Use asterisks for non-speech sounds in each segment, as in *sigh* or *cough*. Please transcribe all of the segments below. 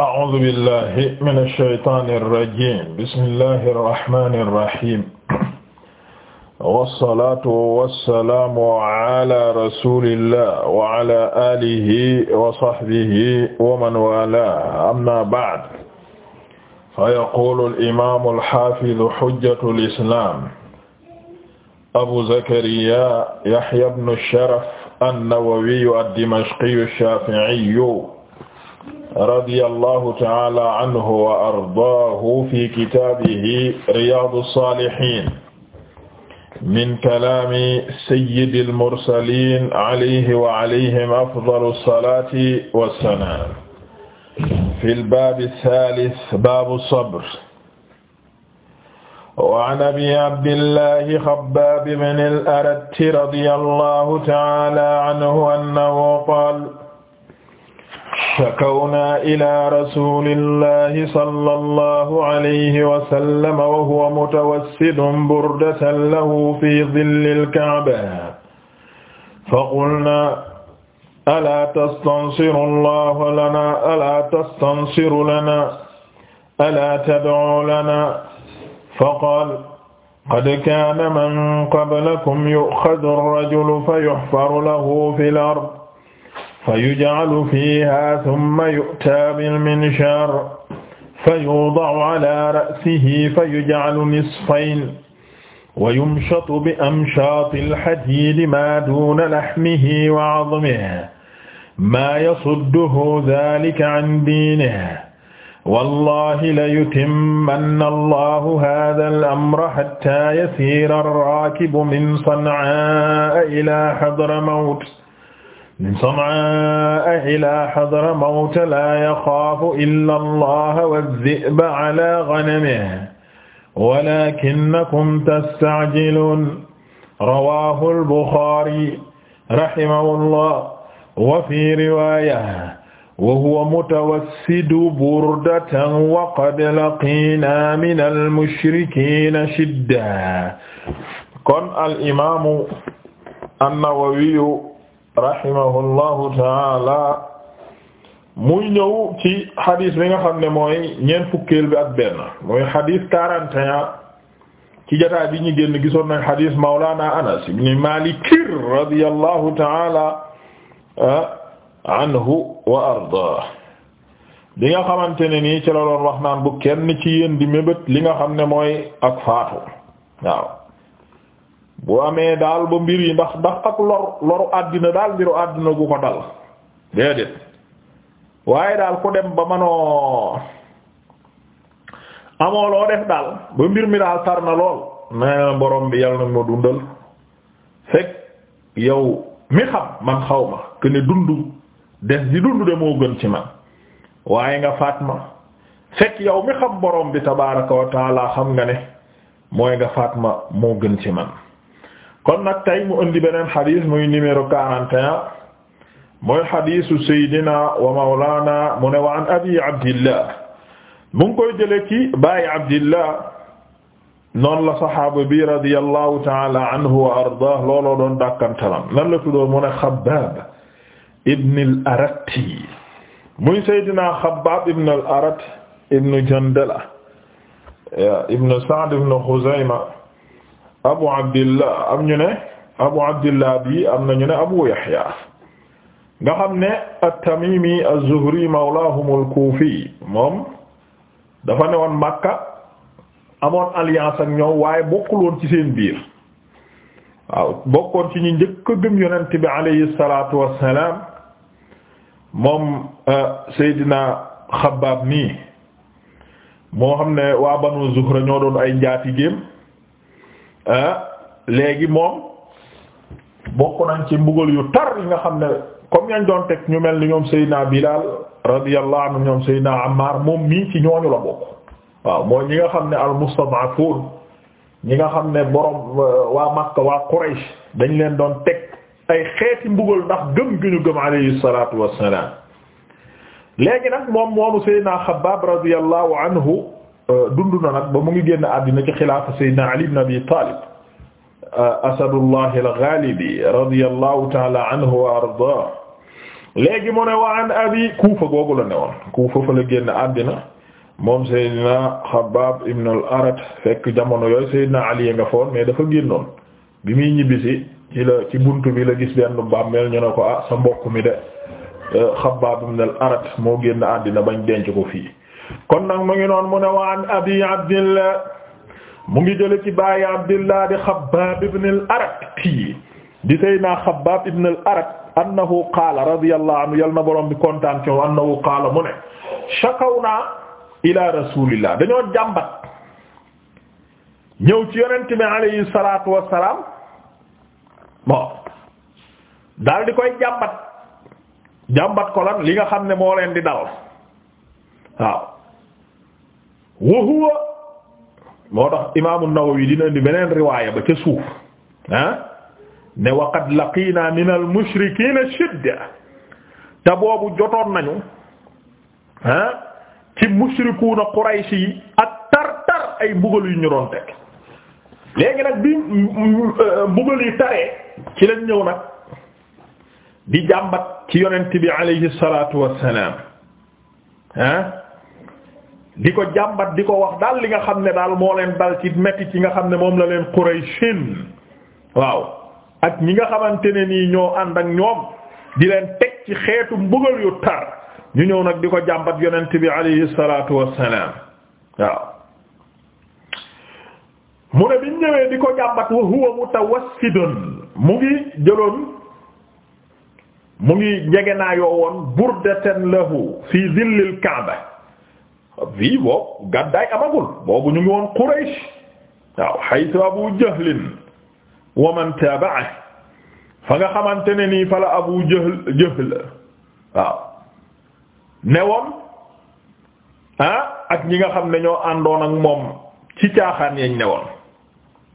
أعوذ بالله من الشيطان الرجيم بسم الله الرحمن الرحيم والصلاة والسلام على رسول الله وعلى آله وصحبه ومن والاه أما بعد فيقول الإمام الحافظ حجة الإسلام أبو زكريا يحيى بن الشرف النووي الدمشقي الشافعي radiyallahu ta'ala anhu wa ardaahu fi kitaabihi riyaadu saalihiin min kalaami sayyidil mursaliin alayhi wa alayhim afdalu salaati wa salaam. fil baabi saalis baabu sabr. wa an abii abdillahi xabbaab ibnil aratti radiyallahu ta'ala anhu annahu qaala shakawna ila rasulillahi sallallahu alayhi wa sallam wa huwa mutawassidun burdatan lahu fi dhillil ka'ba faqulna ala tastansiru Allaha lana ala tastansiru lana ala tad'u lana faqala qad kaana man qablakum yu'khadhu ar-rajulu fayuhfaru lahu fil ard fa yuj'alu fiihaa thumma yu'taa bil-minshaar fa yuwada'u 'alaa ra'sihi fa yuj'alu nisfayn wa yumshatu bi-amshaatil hadiidi maa duuna lahmihi wa 'azmihi maa yasudduhu dhaalika 'an diinihi wallaahi layutimmanna Allaahu haadhal amra hattaa yasiira ar-raakibu min San'aa ilaa Hadramawt min Sanaa ilaa Hadramawta laa yaxaafu illa Allaha wadh-dhi'ba alaa ghanamihi walaakinnakum tasta'jiluun rawaahu al-Buxaari rahimahullah wa fii riwaaya wa huwa mutawassidu burdatan wa qad laqiinaa mina al-mushrikiina shidda kon al-imaamu an-Nawawi rahimahullahu taala muy ñëw ci xadis li nga xam ne mooy ñeent fukkeel bi ak benn mooy xadis quarante et ci jotaay bi ñu génn gisoon nañ xadis Mawlana Anas ibn Malik radiyallahu taala ah, anhu wa arda bi nga xamante ne nii ci la doon wax naan bu kenn ci yéen di li nga xam ne mooy ak faatu waaw bu amee daal ba mbir yi ndax ndax ak lor loru àddina daal mbiru àddina gu ko dal déedéet waaye daal ku dem ba manoo amoo loo def daal ba mbir mi daal tar na lool na borom bi yàlla na ma dundal fekk yow mi xam man xaw ma que dund des di dund de moo gën ci man waaye nga faat ma fekk yow mi xam borom bi tabaaraka wa xam nga ne mooy nga faat ma moo gën ci man kon nag tey mu indi beneen xadis muy numéro 41 mooy xadisu saydina wa mawlana mu ne wa an abi abdillah mu ngi koy jële ci bàyyi abdillah noonu la saxaaba bi radiyallahu taala anhu wa ardah looloo doon dàkkantalam nan la tuddoo mu ne xabaab ibn al arati muy saydina xabaab ibn al arat ibn jandala ibn saad ibn xuzayma abu abdillah am ñu ne abu abdillah bii am na ñu ne abu yahya nga xam ne at-tamimi az-zuhri moom dafa ne woon makka amoon alliance ak ñoom waaye bokkul woon ci seen biir waaw bokkoon ci ñu njëkk a gëm yonent bi alayhi salaatu wassalaam moom euh, seydina xabaab nii moo xam ne waa banu zuhra ñoo doon ay njaati géem Euh, léegi moom bokk nañ ci mbugal yu tar yi nga xam ne comme yañ doon teg ñu mel ni ñoom Seydina Bilal radiyallahu anhu ñoom Seydina Ammar moom mii ci ñooñu la bokk waaw mooy ñi nga xam ne al-mustad'afun ñi nga xam ne borom euh, waa Makka waa Quraysh dañ leen doon teg ay xeeti mbugal ndax gëm gi ñu gëm alayhi salaatu wassalaam léegi nag moom moomu Seydina Xabbaab radiyallahu anhu Euh, dund na nag ba mu ngi génn àddina ci xilaafa sayyidina Ali ibn Abi Talib euh, asadullah al-ghalibi radiyallahu ta'ala anhu wa ardaah léegi mu ne wa an abi Kufa googu la ne woon Kufa fa la génn àddina moom Seydina Xabbaab ibn al fekk jamono yooyu Seydina Ali nga foon mais dafa génnoon bi muy ñibbisi ci la ci buntu bi la gis benn bàmmeel ñu ne ko ah sa mbokk mi de euh, Xabbaab ibn al moo génn àddina bañ denc ko fii kon nag mu ngi noon mu ne wa an abi abdillah mu ngi jële ci bàyyi abdillah di xabaab ibn al arak di sayyidina xabaab ibn al arak annahu qaala radiyallahu anhu yal na borom bi kontaan ci annahu qaala mu ne shakawna ila rasulillah dañoo jàmbat ñëw ci yonent bi alayhi salaatu wassalaam bon daal di koy jàmbat jàmbat ko lan li nga xam ne moo leen di dal waaw wa huwa moo tax imaamu Nawawi dina indi beneen riwaaya ba ca suuf ah ne wa qad laqiina min al mushrikiina shidda te boobu jotoon nañu ah ci mushrikuuna Quraysh yi ak tar-tar ay mbugal yu ñu doon teg léegi nag bi mbugal yi taree ci lañ ñëw nag di jàmbat ci yonent bi alayhi salaatu wassalaam ah di ko jàmbat di ko wax daal li nga xam ne daal moo leen dal ci metti ci nga xam ne moom la leen Qurayshin waaw ak ñi nga xamante ne nii ñoo ànd ak ñoom di leen teg ci xeetu mbugal yu tar ñu ñëw nag di ko jàmbat yonent bi alayhi salaatu wassalaam waaw mu ne biñ ñëwee di ko jàmbat wa huwa mutawassidun mu ngi jëloon mu ngi njege naa yoo woon burdatan lahu fi dhillil kaaba fii boobu gàddaay amagul boobu ñu ngi woon Quraysh waaw haythu Abu Jahlin wa man tabi'ahu fa nga xamante ne nii fala Abu Jahl Jahl waaw newoon ah ak ñi nga xam ne ñoo àndoon ak moom ci caaxaan yañ newoon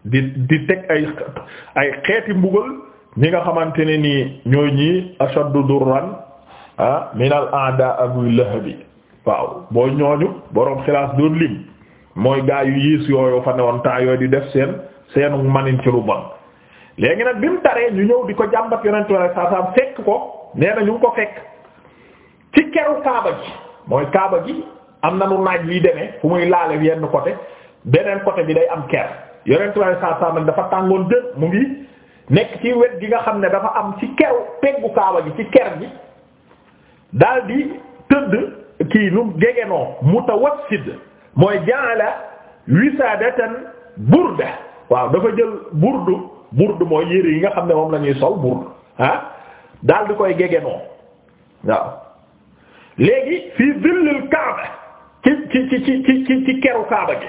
di di teg ay xeeti mbugal ñi nga xamante ne nii ñooy ñii ashaddu durran ah min al a'da Abu Lahab waaw boo ñooñu boroom xilaas doon lim mooy gaa yu yiis yooyu fa ne woon temps yooyu di def seen seenu manin ci lu bon léegi nag bi mu taree ñu ñëw di ko jàmbat yonentu Yàlla saa saam fekk ko nee na ñu ko fekk ci keru kaaba mooy kaaba ji am na nu naaj yuy demee fu muy laale yenn côté beneen côté bi day am ker yonentu Yàlla saa saam dafa tàngoon dër mu ngi nekk ci wet gi nga xam ne dafa am ci keru peggu kaaba ji ci ker gi dal daldi tëdd kii nu gegenoo mutawassid mooy jaala wisaadatan burda waaw dafa jël burdu burdu mooy yére yi nga xam ne moom la ñuy sol burdu ah daal di koy gegenoo waaw léegi fii zillil kaaba ci ci ci ci ci ci keru kaaba gi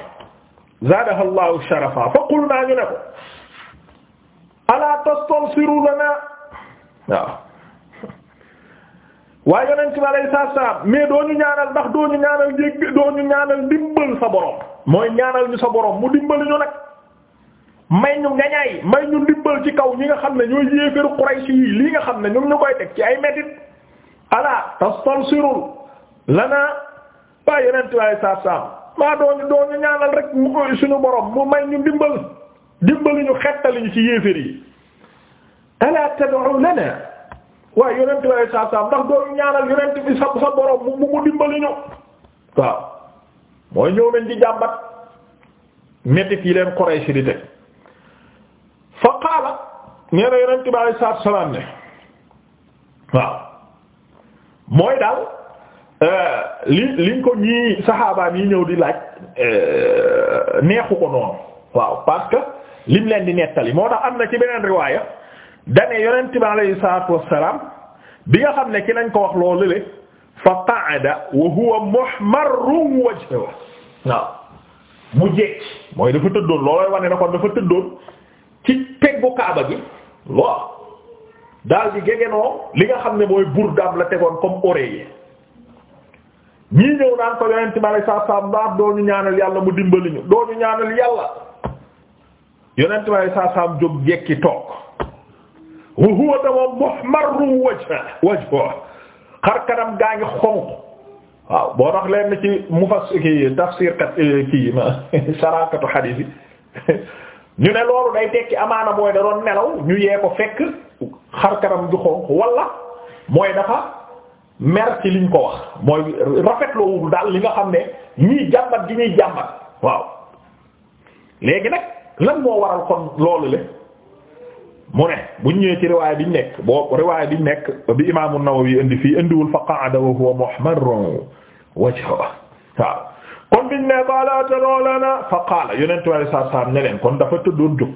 zaadaha llahu sharafa fa qulnaa ñu ne ko ala tastansiru lana waaw waaye yonent bi alayhi salaam mais doo ñu ñaanal ndax doo ñu ñaanal njégg doo ñu ñaanal dimbal sa borom mooy ñaanal ñu sa borom mu dimbali ñu nag may ñu ngañaay may ñu dimbal ci kaw ñi nga xam ne ñooy yéeféru Quraysh yi lii nga xam ne ñoom ñu koy teg ci ay métit ala tastansirul lanaa waa yonent bi alayhi salaam maa doo ñu doo ñu ñaanal rek mu suñu borom mu may ñu dimbal dimbali ñu xettali ñu ci yéefér yi ala tad'u lana waaye yonent bi saa saa ndax doo ñaanal yonent bi sa sa borom mu mu dimbali ñu waaw mooy ñëw nañ di jàmbat métit yi leen Quraysh di teg fa qaala nee na yonent bi alayhi salaatu ne waaw mooy daal euh, li liñ ko ñii saxaabaan yi ñëw di laaj euh, neexu ko noonu waaw parce que lim leen di nettali moo tax am na ci beneen riwaaya dane yonent bi alayhi salaatu wassalaam bi nga xam ne ki lañ ko wax loolu le fa qa'ada wa huwa muhmarru wajhu waaw mu jekk mooy dafa tëddoon loolooy wane na kon dafa tëddoon ci teggu kaaba gi waaw daal di gegenoo li nga xam ne mooy burdaam la tegoon comme oreiller ñii ñëw naan ko yonent bi alayhi salaatu wassalaam ndax doo ñu ñaanal yàlla mu dimbali ñu doo ñu ñaanal yàlla yonent bi alayhi salaatu wassalaam jóg jekki toog wa huwa dawa muhmarru wajha wajha xar kanam gaa ngi xonq waaw boo tax leen ci mufass ki tafsir kat eh, kii ma *laughs* sarakatu hadith *laughs* ñu ne loolu day tekki amaana mooy da doon nelaw ñu yee ko fekk xar kanam gi xonq walla mooy dafa mer ci liñ ko wax mooy rafetloowul daal li nga xam ne ñii jàmbat gi ñuy jàmbat waaw léegi nag lan moo waral kon loolu le mu ne buñ ñëwee ci riwaay nekk boo riwaay biñ nekk bi imaamu Nawawi indi fii indiwul fa qa'ada wa huwa muhmarrun wajhuhu waaw kon biñ ne qaala ataloo lana fa qaala yonentu saam ne leen kon dafa tëddoon jóg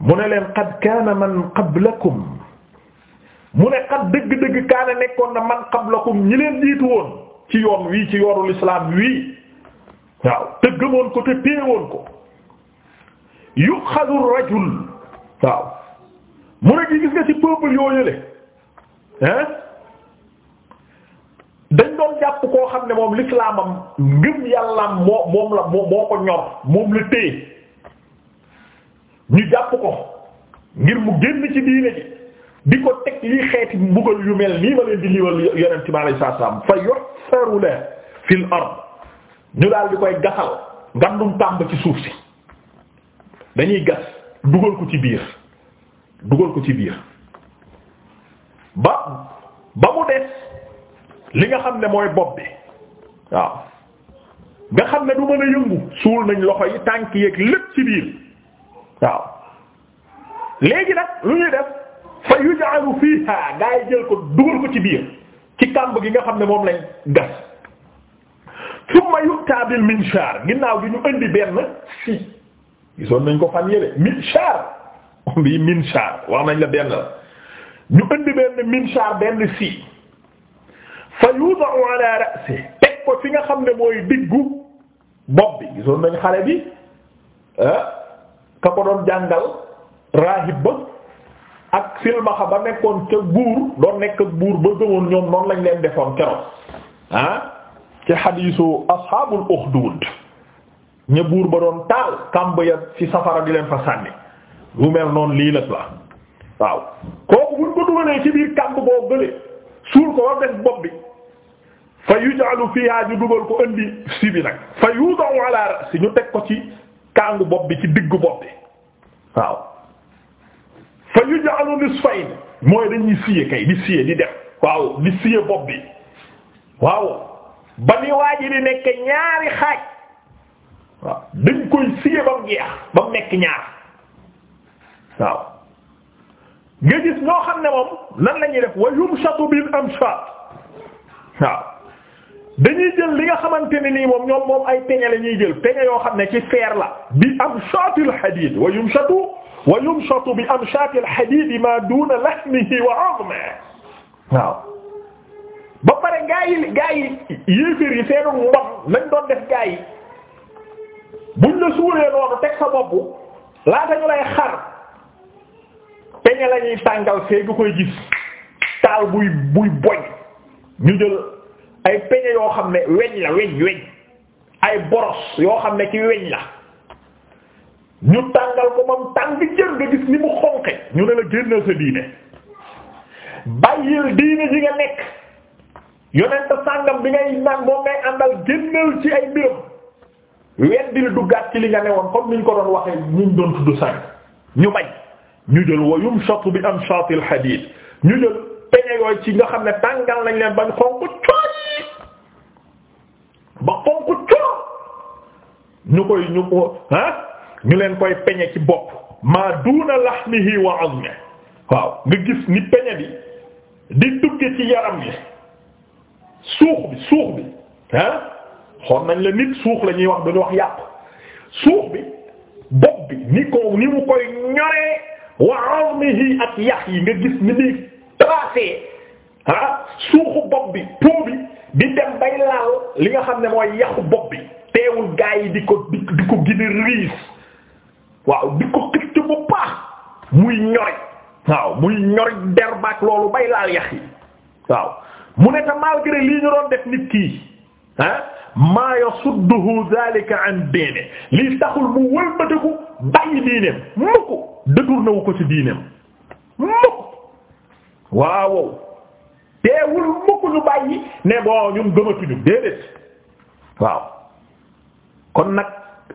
mu ne leen qad kaana man qablakum mu ne qad dëgg-dëgg kaana nekkoon na man qablakum ñi leen jiitu woon ci yoon wii ci yoonul islaam wii waaw te gëmoon ko te téewoon ko yuxadu rajul waaw mu ne gis nga ci peuple yoo yële hein dañ doon jàpp koo xam ne moom lislaamam ngëm yàllaam moo moom la moo ko ñor moom la téye ñu jàpp ko ngir mu génn ci diine ji di ko teg yi xeeti mbugal yu mel nii ma leen di liiwal yonent bi alayhi salaam fa yuhsaru la fil ard ñu daal di koy gasal ngandum tàmb ci suuf si dañuy gas dugal ko ci biir dugal ko ci biir ba ba mu des li nga xam ne mooy bopp bi waaw nga xam ne du mën a yëngu suul nañ loxo yi tànk yeeg lépp ci biir waaw léegi nag lu ñuy def fa yuj'alu fiha gaa yi jël ko dugal ko ci biir ci kàmb gi nga xam ne moom lañ gas thumma yu'ta bil minshar ginnaaw gi ñu indi benn si gisoon nañ ko fan yële minshar bii *laughs* minshar wax nañ la benn la ñu indi benn minshar benn si fa yudau ala ra'si teg ko fi nga xam ne mooy diggu bopp bi gisoon nañ xale bi ah ka ko doon jàngal raahib ba ak silmaxa ba nekkoon ca buur doon nekk ak buur ba gëmoon ñoom noonu lañ leen defoon keroog ah ci xadiisu ashaabul uxduud ña buur ba doon taal kàmb ya ci safara di leen fa sànni lu mel noonu lii lëg la waaw kooku buñ ko dugalee ci biir kàmb boo gëlee suul ko war def bopp bi fa yujalu fiha ñu dugal ko indi si bi nag fa yudaw ala rasi ñu teg ko ci kàngu bopp bi ci diggu bopp bi waaw fa yujalu nisfayn mooy dañuy siye kay di siye di def waaw di siye bopp bi waaw ba ni waa ji di ñaari xaaj waaw dañ koy siye ba mu jeex ba mu nekk ñaar waaw nga gis xam ne moom nan la ñuy def wa yumshatu bil amshat waaw dañuy jël li nga xamante ne nii moom ñoom moom ay peñe la ñuy jël peñe yoo xam ne ci feer la bi amshatil hadid wa yumshatu wa yumshatu bi amshatil hadid ma duna lahmihi wa 'azmihi waaw ba pare gaa yi gaa yi yéeféer yi seenu mbox nañ doon def gaa yi buñ la xar peñe la ñuy tàngal see nga koy gis taal buy buy boñ ñu jël ay peñe yoo xam ne weñ la weñ weñ ay boros yoo xam ne ki weñ la ñu tàngal ko moom tàng jër nga gis ni mu xonqe ñu ne la génnal sa diine bàyyil diine ji nga nekk yonent sàngam bi ngay naan moom ngay àndal génnal ci ay mbiram weddil duggaat ci li nga newoon comme niñ ko doon waxee ñu doon tudd sànq ñu bañ ñu jël wa yumshatu bi amshaatil hadiid ñu jël peñe yooyu ci nga xam ne tàngal nañ leen bañ xonq cooy ba xonq cooy ñu koy ñu ah ñu leen koy peñe ci bopp ma duuna lahmihi wa azmihi waaw nga gis ni peñe bi di dugge ci yaram bi suux bi suux bi ah xool nañ la nit suux la ñuy wax dañu wax yàpp suux bi bopp bi ni ko ni mu koy ñoree wa azmihi ak yax yi nga gis ni muy tracé ah suuxu bopp bi pou bi dem bay laal li nga xam ne mooy yaxu bopp bi teewul gaa yi di ko di ko gën a riis waaw di ko xëcc bu baax muy ñori waaw muy ñori derbaak loolu bay laal yax yi waaw mu ne te malgré lii ñu def nit kii maa yasudduhu zalika an diine lii taxul mu wëlbatiku bàyyi diineem mukk détourné wu ko ci diineem mukk waawow teewul mukk ñu bàyyi ne boo ñun gëmatuñu déedéet waaw kon nag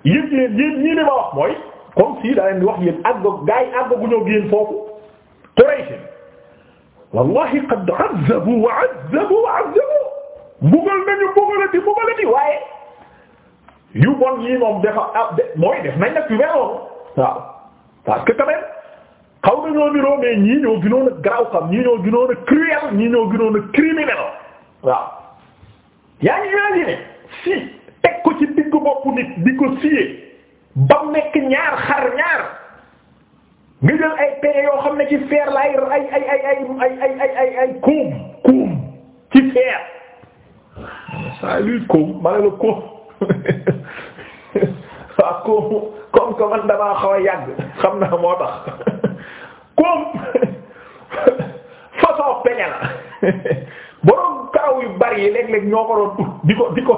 yëg leen yéen ñii li ma wax mooy comme si da leen wax yéen àgg gaa yi àgg gu ñëw yéen foofu Quraysh wallahi qad azzabu wa azzabu mbugal nañu mbugalati mbugalati waaye yu bon yi moom dafa ah mooy def nañ nag yu meloon waaw parce que quand même xaw nañoo niroo mais ñii ñoo gënoon a garaaw xam ñoo gënoon a cruel ñii ñoo gënoon a criminel yaa ngi imaginer si teg ko ci diggu bok nit di ko siyee ba mu nekk ñaar xar ñaar nga jël ay pexe yoo xam ne ci feer ay ay ay ay ay ay ay ay saa luy koom ma ne la koom waaw koom comme que man damaa xaw a yàgg xam naa moo tax koom *laughs* *laughs* façon peñe la *laughs* borom karaw yu bari yi léeg-léeg ñoo ko doon di ko di ko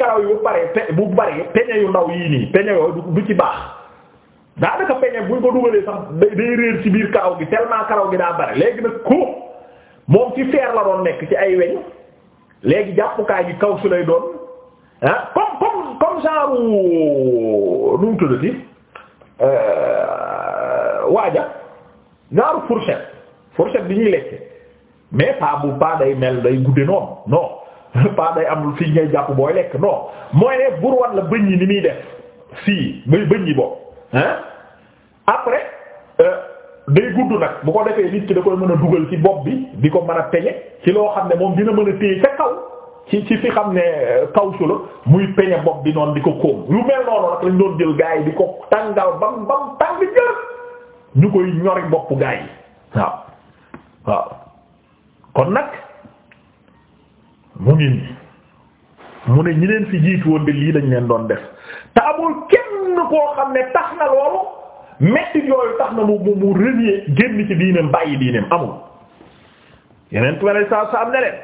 karaw yu bari pe bu bari peñe yu ndaw yii nii peñe yooyu du ci baax daanaka peñe buñ ko dugalee sax day réer ci biir karaw gi tellement karaw gi daa bari léegi nag koom moom ci feer la doon nekk ci ay weñ. léegi jàppukaay bi kaw su lay doon ah comme comme comme genre nu mu tuddati euh, waaja genre fourchette fourchette bi ñuy lekke mais pas bu pas day mel day gudde noonu non *laughs* pas day am fii ngay jàpp booy lekk non mooy ne bur la bëñ yi ni muy def fii ba bëñ yi boobu ah après. Euh, day gudd nag bu ko defee nit ki da koy mën a dugal ci bopp bi di ko mën a peñe ci loo xam ne moom dina mën a téye ca kaw ci ci fi xam ne euh, kaw su la muy peñe bopp bi noonu di ko kóom yu mel noonu nag lañ doon jël gaa yi di ko tàngal bam bam tàng jër ñu koy ñori bopp gaa yi waaw waaw kon nag mu ngi nii mu ne ñi leen fi jiitu woon de lii lañ leen doon def te amul kenn koo xam ne tax na loolu metti yooyu tax na mu mu mu renier génn ci diineem bàyyi diineem amul yeneen tu ware sa sa am ne leen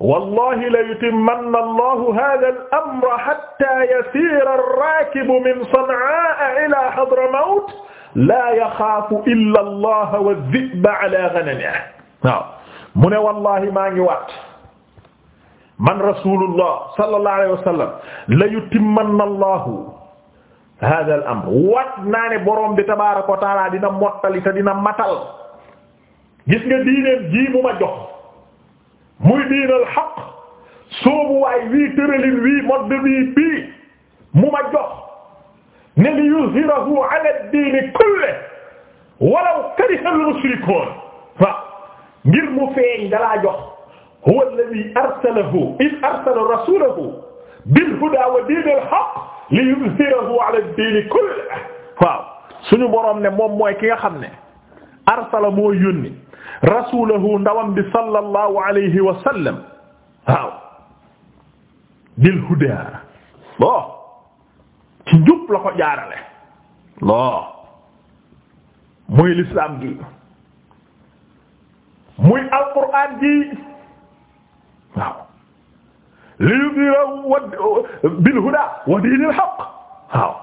wallahi la yutimmanna allahu hadha al amra hatta yasira ar-rakibu min san'aa ila hadramawt la yaxaafu illa allah wa dhi'ba ala ghanamihi waaw mu ne wallahi maa ngi waat man rasulullah sallallahu alayhi wa sallam la yutimmanna allahu hada al amr wat naa ne borom bi tabaaraka wa taala dina mottali te dina matal gis nga diineem ji mu ma jox muy diinal xaq soobu waay wii tëralin wii modd bii bii mu ma jox ne li yuzhirahu ala ad-diini kulli walaw kariha al-mushrikuun waaw ngir mu feeñ dalaa jox huwa alladhi arsalahu iz arsala rasulahu bil huda wa diinil haqq li yuzhirahu ala diini kulli suñu boroom ne moom mooy ki nga xam ne arsala moo yónni rasulahu ndawam bi sallallahu alayhi wa sallam waaw bil huda bon ci jaarale loo muy l'islam gi muy alquran gi waaw li yudira bil huda wa diinil haqq waaw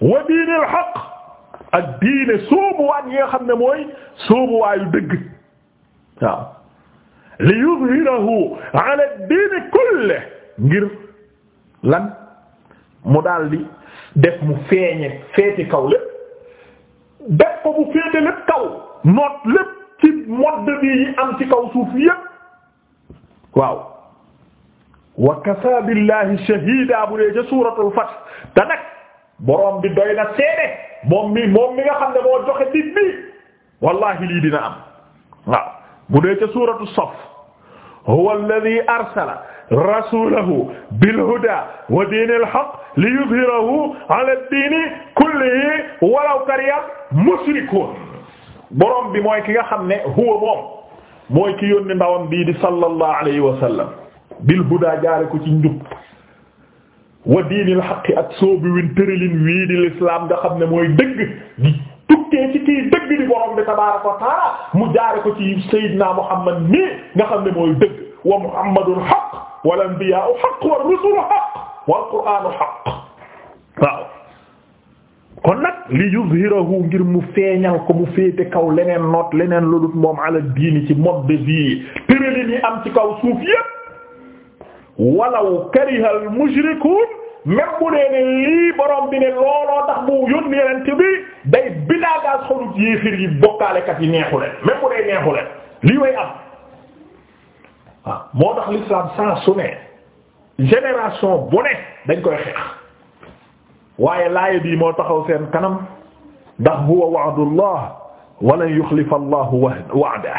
wa diinil haqq ak diine sóobuwaat yi nga xam ne mooy sóobuwaayu dëgg waaw li yuzhirahu ala diini kulli ngir lan mu daldi def mu feeñe feeti kaw lépp def ko bu féete lépp kaw noot lépp ci modd bi yi am ci kaw suuf yépp waaw wa kafaa billahi shahida bu dee ca suuratul fath te nag boroom bi doy na seede moom mi moom mi nga xam ne moo joxe dig bi wallahi lii dina am waaw bu dee ca suuratu saf huwa alladhi arsala rasulahu bilhuda wa diinil haqq liyudhhirahu ala diini kullihi walaw karihal mushrikuun boroom bi mooy ki nga xam ne huwa moom mooy ki yónni ndawam bii di sallallahu alayhi wa sallam bil huda jaare ko ci njub wa diinil xaqi ak soobi win tëralin wii di nga xam ne mooy dëgg di tukkee ci kii dëgg di borom bi tabaaraka mu jaare ko ci sayyidina muhammad nii nga xam ne mooy dëgg wa muhammadul xaq wal anbiyaa'u xaq war rusulu xaq wal qur'aanu xaq waaw kon nag li yuzhirahu ngir mu feeñal ko mu féete kaw leneen noot leneen lu moom ala diini ci mode de vie yi am ci kaw suuf yépp wala karihal mushrikuun même bu dee ne lii borom bi ne looloo tax bu yónni yonent bi day bilaagaal xolu yéefir yi bokkaalekat yi neexu leen même bu dee neexu leen lii way am waaw tax l'islam saa su ne génération bu ne dañ koy xeex waaye laaya bii moo taxaw kanam ndax huwa wa'dullah wa lan yuxlifa allahu wa'dahu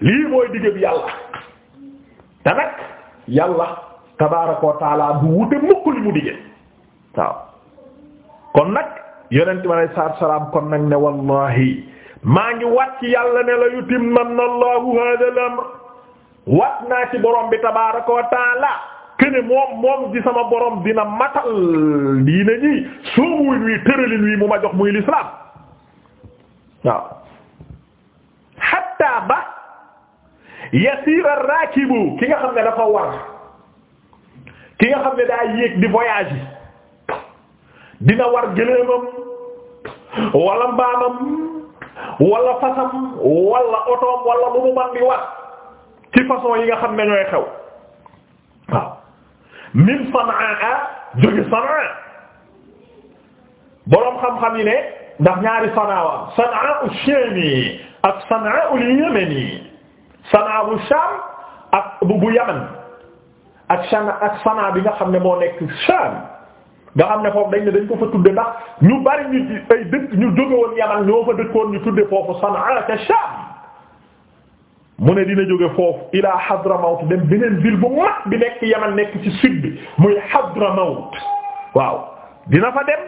lii mooy diggéb tabaaraka wa taala du wute mukk li mu dige waaw kon nag yonent bi alayhi salaatu salaam kon nag ne wallahi maa ngi wat ci yàlla ne la yutimmanna allahu hada al-amr wat naa ci borom bi tabaaraka wa taala kene moom moom di sama borom dina matal diina ñi soomuwin wi tëralin wi mu ma jox muy lislaam waaw hatta ba yasiira raakibu ki nga xam ne dafa war ki nga xam ne daa yéeg di voyage dina war gëléemam wala mbaamam wala fasam wala otoom wala bu mu man di war façon yi nga xam ne ñooy xew waaw min Sanaa jóge Sanaa boroom xam-xam yi ne ndax ñaari Sanaa wa Sanaa u Shaami ak Sanaa ul Yamani Sanaa bu Shaam ak bu bu Yaman ak sana ak sana bi nga xam ne moo nekk Sham nga xam ne foofu dañ ne dañ ko fa tudde ndax ñu bari ñu ay dëkk ñu jóge woon Yaman ñoo fa dëkkoon ñu tudde foofu Sanaa ca Sham mu ne dina jóge foofu ilaa Hadramawt dem beneen ville bu mag bi nekk Yaman nekk ci sit bi muy Hadramawt waaw dina fa dem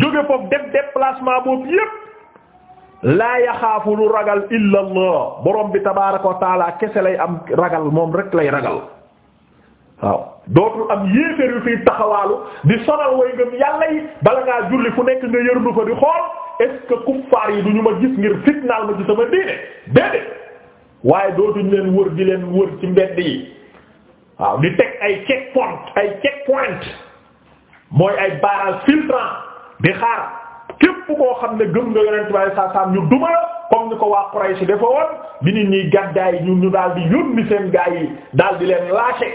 jóge foofu dem déplacement boobu yépp laa yaxaafu lu ragal illa allah borom bi tabaaraka wa taala kese lay am ragal moom rek lay ragal waaw dootul am yéeféer yu fiy taxawaalu di sonal way ngëm yàlla yi bala ngaa julli fu nekk nga yërdu fa di xool est-ce que kuffaar yi du ñu ma gis ngir fitnaal ma ci sama diine déedéet waaye dootuñ leen wër di leen wër ci mbedd yi waaw di teg ay check point ay check point mooy ay barrage filtrant di xaar képp koo xam ne gëm nga yonent bi saa saam ñu duma comme ni ko waa Quraysh dafa woon bi nit ñuy gàddaay ñun ñu daal di yónni seen gaa yi daal di leen lâché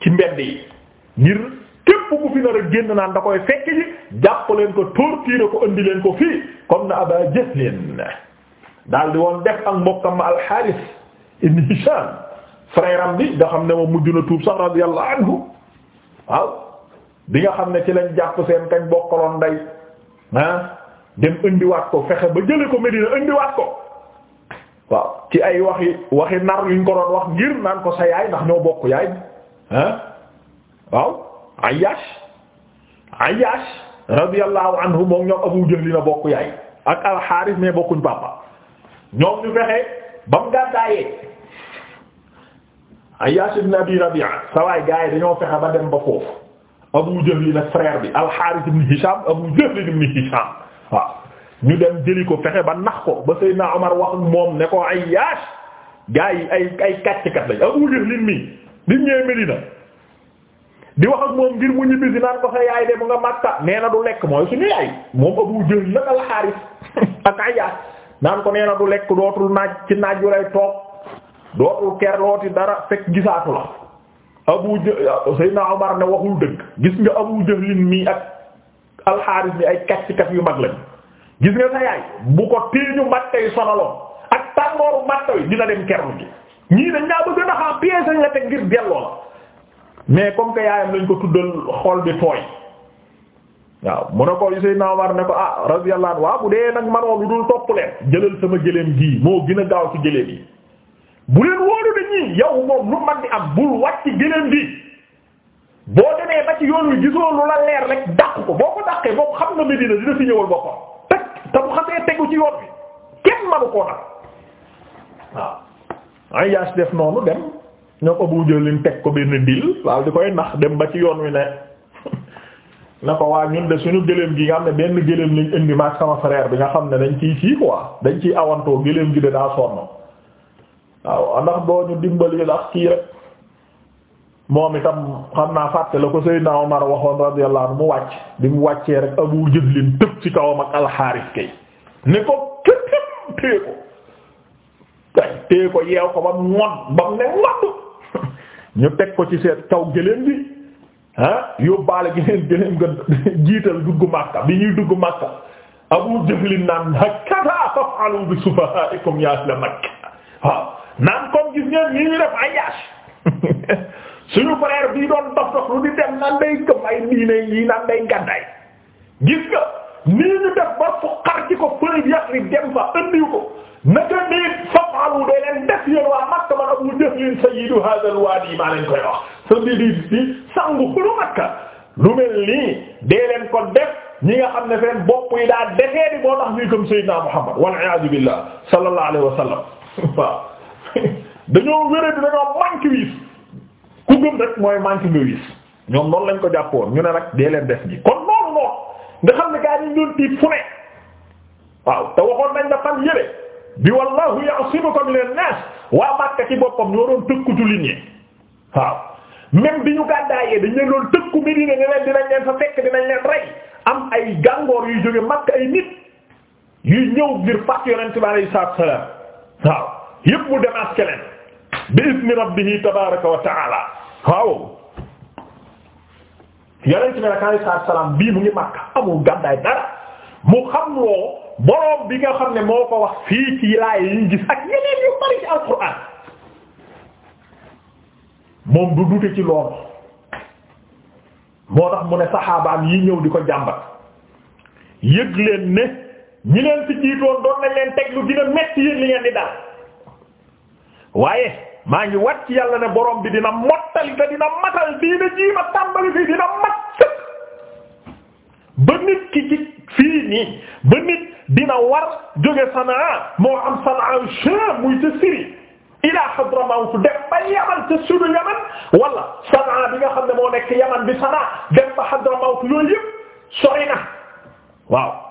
ci mbedd yi ngir képp ku fi nar a génn naan da koy fekk ji jàpp leen ko torturer ko andi leen ko fii comme na Aba Jahlin daal di woon def ak mbokkam al-Harith ibn Hisham bi nga xam ne moom mujj na tuub sax radiyallahu anhu waaw bi nga xam ne ci lañ jàpp seen kañ bokkaloon ndey dem indiwaat ko fexe ba jële ko Medina indiwaat ko waaw ci ay waxi waxi nar yuñ ko doon wax ngir naan ko sayay yaay no bokku bokk yaay ah waaw Ayyash Ayyash radiyallahu anhu moom bokku Abu Jahl na bokk yaay ak al-Harith mais bokkuñ papa ñoom ñu fexe ba mu gàddaayee Ayyash ibn Abi Rabi'a sa waay gaa yi fexe ba dem ba foofu Abu Jahl nag frère bi al-Harith ibn Hisham Abu Jahl ibn Hisham waaw ñu dem jëli ko fexe ba nax ko ba Seydina Omar wax moom ne ko ay yaas gaa yi ay ay kàcckat lañ Abu Jahl mi di ñëwee Medina di wax ak moom ngir mu ñibbisi naan ko sa yaay de mu nga Makka nee na du lekk mooy suñu yaay moom Abu Jahl nag al Haaris *laughs* ak ay yaas naan ko nee na du lekk dootul naaj ci naaj wi lay toog dootul ker looti dara fekk gisaatu la Abu Jahl Seydina Omar ne waxul dëgg gis nga Abu Jahl mi ak alxaaris bi ay kàccikat yu mag lañ gis nga sa yaay bu ko tiiñu matta yi sonaloon ak tàngooru matta yi dina dem kerlu gi ñii dañ laa bëgg na xam ah, pièce lañ la ngir delloo la mais comme que yaayam lañ ko tuddal xol bi tooy waaw mu ne ko Seydina war ne ko ah radiyallahu waaw bu dee nag manoo lu dul topp leen jëlal sama gëléem gii moo gën a gaaw ci gëléem yi bu leen wóolu ne ñii yow moom lu man di am bul wàcc gëléem bi boo demee ba ci yoon wi gisoo lu la leer rek dàq ko boo ko dàqee boo xam na Medina dina fi ñëwal boppam teg te bu xasee tegu ci yoon bi kenn manu koo dàq waaw. Ayyaas def teg ko benn dil daal di koy nax dem ci yoon wi ne *laughs* waa ñun de gi nga benn gëléem lañ indi bi nga xam ne dañ ciy kii ciy awantoo gëléem gi de daa sonn ñu dimbali ndax kii rek. moom itam xam naa fàtte la ko Seydina Omar waxoon radiyallahu mu wàcc bi mu wàccee rek Abu Jahlin tëb ci kawam ak alxaaris kay ne ko këtëm téye ko ko yeew ko ba mu ba mu ne ŋodd *laughs* ñu teg ko ci seet taw gëléem bi ah yóbbaale gëléem gëléem nga jiital dugg Makka bi ñuy dugg Makka Abu Jahlin naan hakaza taf'alu bi sufahaa'ikum ya ahla Makka waaw naan comme gis ngeen ñi ñu def ayaas *laughs* suñu frère bii doon dox dox lu di dem nan day gëm ay diine gis nga nii ñu def ba fu xar ci ko fële yàq li dem fa andiw ko naka nii fafaalu day leen def yéen waa Makka man Abu Jahl sayyidu hadha al-wadi maa leen koy wax sa di di di sangu xulu Makka lu mel nii dee leen ko def ñi nga xam ne seen bopp yi daa defee di boo tax ñuy gëm Seydina Muhammad wal a'yadu billah sallallahu alayhi wa sallam *laughs* waaw *laughs* dañoo wéradi dañoo manque wiis ku gëm rek mooy manque nga wis ñoom noonu lañ ko jàppoon ñu ne rek dee leen def ji kon noonu noonu nga xam ne gaa yi doon tiit fu ne waaw te waxoon nañ la fan yële bi wallahu ya'simuka minan nas waa Makka ci boppam ñoo doon tëkku jullit ñi waaw même bi ñu gàddaayee dañ leen doon tëkku Medina ne leen dinañ leen fa fekk dinañ leen rey am ay gàngoor yuy jóge Makka ay nit yuy ñëw ngir fàtt Yonent bi alayhi salaatu wa salaam waaw yépp mu démasqué leen bi izni rabbihi tabaaraka wa ta'ala waaw yonent bi alayhi salaatu salaam bii mu ngi Makka amul gàddaay dara mu xam loo boroom bi nga xam ne moo ko wax fii ci laay yi ñu gis ak yeneen yu bari ci alxuraan moom du dute ci loolu moo tax mu ne saxaabaan yi ñëw di ko jàmbat yëg leen ne ñi leen ci jiitoon doon leen teg lu dina metti yéen li ngeen di dal waaye maa ngi wat ci yàlla ne borom bi dina mottali te dina matal diina ji ma tàmbali fii dina mat sëkk ba nit ki ci fii nii ba nit dina war jóge Sanaa moo am Sanaa Sham muy ca Syrie ila Hadramaut def ba Yaman ca sudu Yaman wala Sanaa bi nga xam ne moo nekk Yaman bi Sanaa def ba Hadramaut loolu yëpp sori na waaw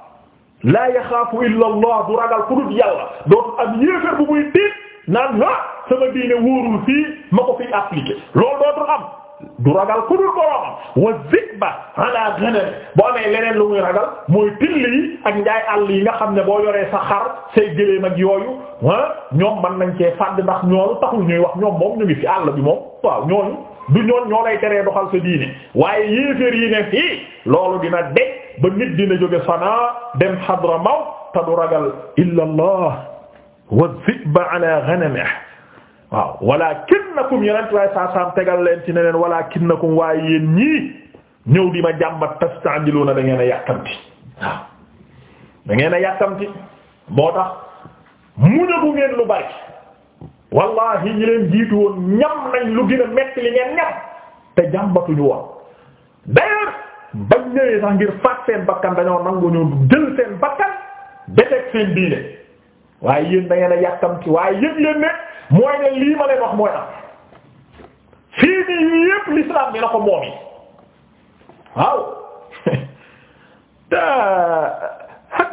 laa yaxaafu illa allah du ragal ku dul yàlla doon am yéefér bu muy tiit naan ha sama diine wóorul fii ma ko fiy appliqué loolu dootul am du ragal ku dul boroomam wa zikba ala ghanam boo amee leneen lu muy ragal mooy till yi ak njaay àll yi nga xam ne boo yoree sa xar say gëléem ak yooyu ah ñoom mën nañ cee fàdd ndax ñoolu taxul ñuy wax ñoom moom ñu ngi fi àll bi moom waaw ñooñu du ñoon ñoo lay teree doxal sa diine waaye yéeféer yi ne fii loolu dina dej ba nit dina jóge Sanaa dem Hadramaw te du ragal illa Allah wa dhi'ba ala ghanamihi waaw walaakinnakum yeneen tubaab saa saam tegal leen ci ne leen walaakinnakum waaye yéen ñii ñëw di ma jàmbat tasta'jiluna da ngeen a yàkkamti waaw da ngeen a yàkkamti moo tax muñu bu ngeen lu bari. wallahi ñi leen jiitu woon ñam nañ lu gën a metti li ngeen ñam te jàmbatuñu woon d'ailleurs bañ ñëwee sax ngir faat seen bakkan dañoo nangu ñu jël seen bakkan beteeg seen diine waaye yéen da ngeen a yàkkamti waaye yëg leen ne mooy ne lii ma leen wax mooy am fii nii yépp l'islam bi ko moom yi waaw *laughs*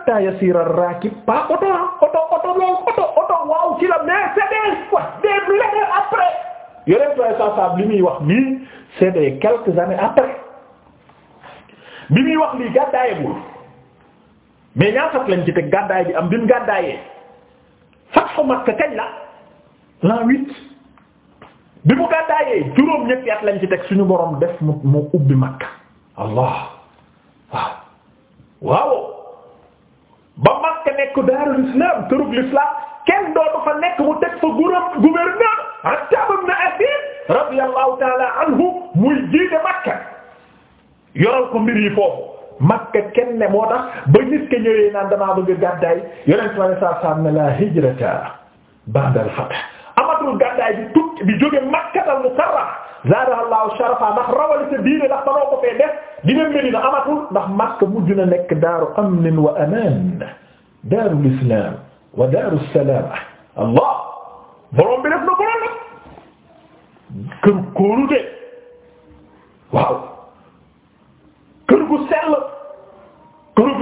hatta yasira rakib pas oto oto oto lool oto muy wax nii c'est des quelques années après bi muy wax lii gàddaayagul mais ñaata lañ ci teg gàddaay bi am bi mu gàddaayee fathu Makka kañ la l'an huit bi mu gàddaayee juróom ñetti at lañ ci teg suñu borom def mu mu ubbi Makka allah waaw waaw Makka nekk daarul islam kërug l'islam kenn dootu fa nekk mu teg fa gouverneur Attab ibn Asir radiyallahu ta'ala anhu muy jiite Makka yoral ko mbir yi foofu Makka kenn ne moo tax ba nit ke ñëwee naan damaa bëgg gàddaay yonent sallallahu alayhi ne la hijrata ba'da al amatul gàddaay bi tukki bi jóge Makkatal Mukarrama zaadaha Allahu ndax rawal sa diine ndax fanoo ko fee def dina Medina amatul ndax Makka mujj na nekk daaru amnin wa amaan daarul islam wa daarus salaama allah borom bi def na borom nag kër kóolute waaw kër gu sell kërub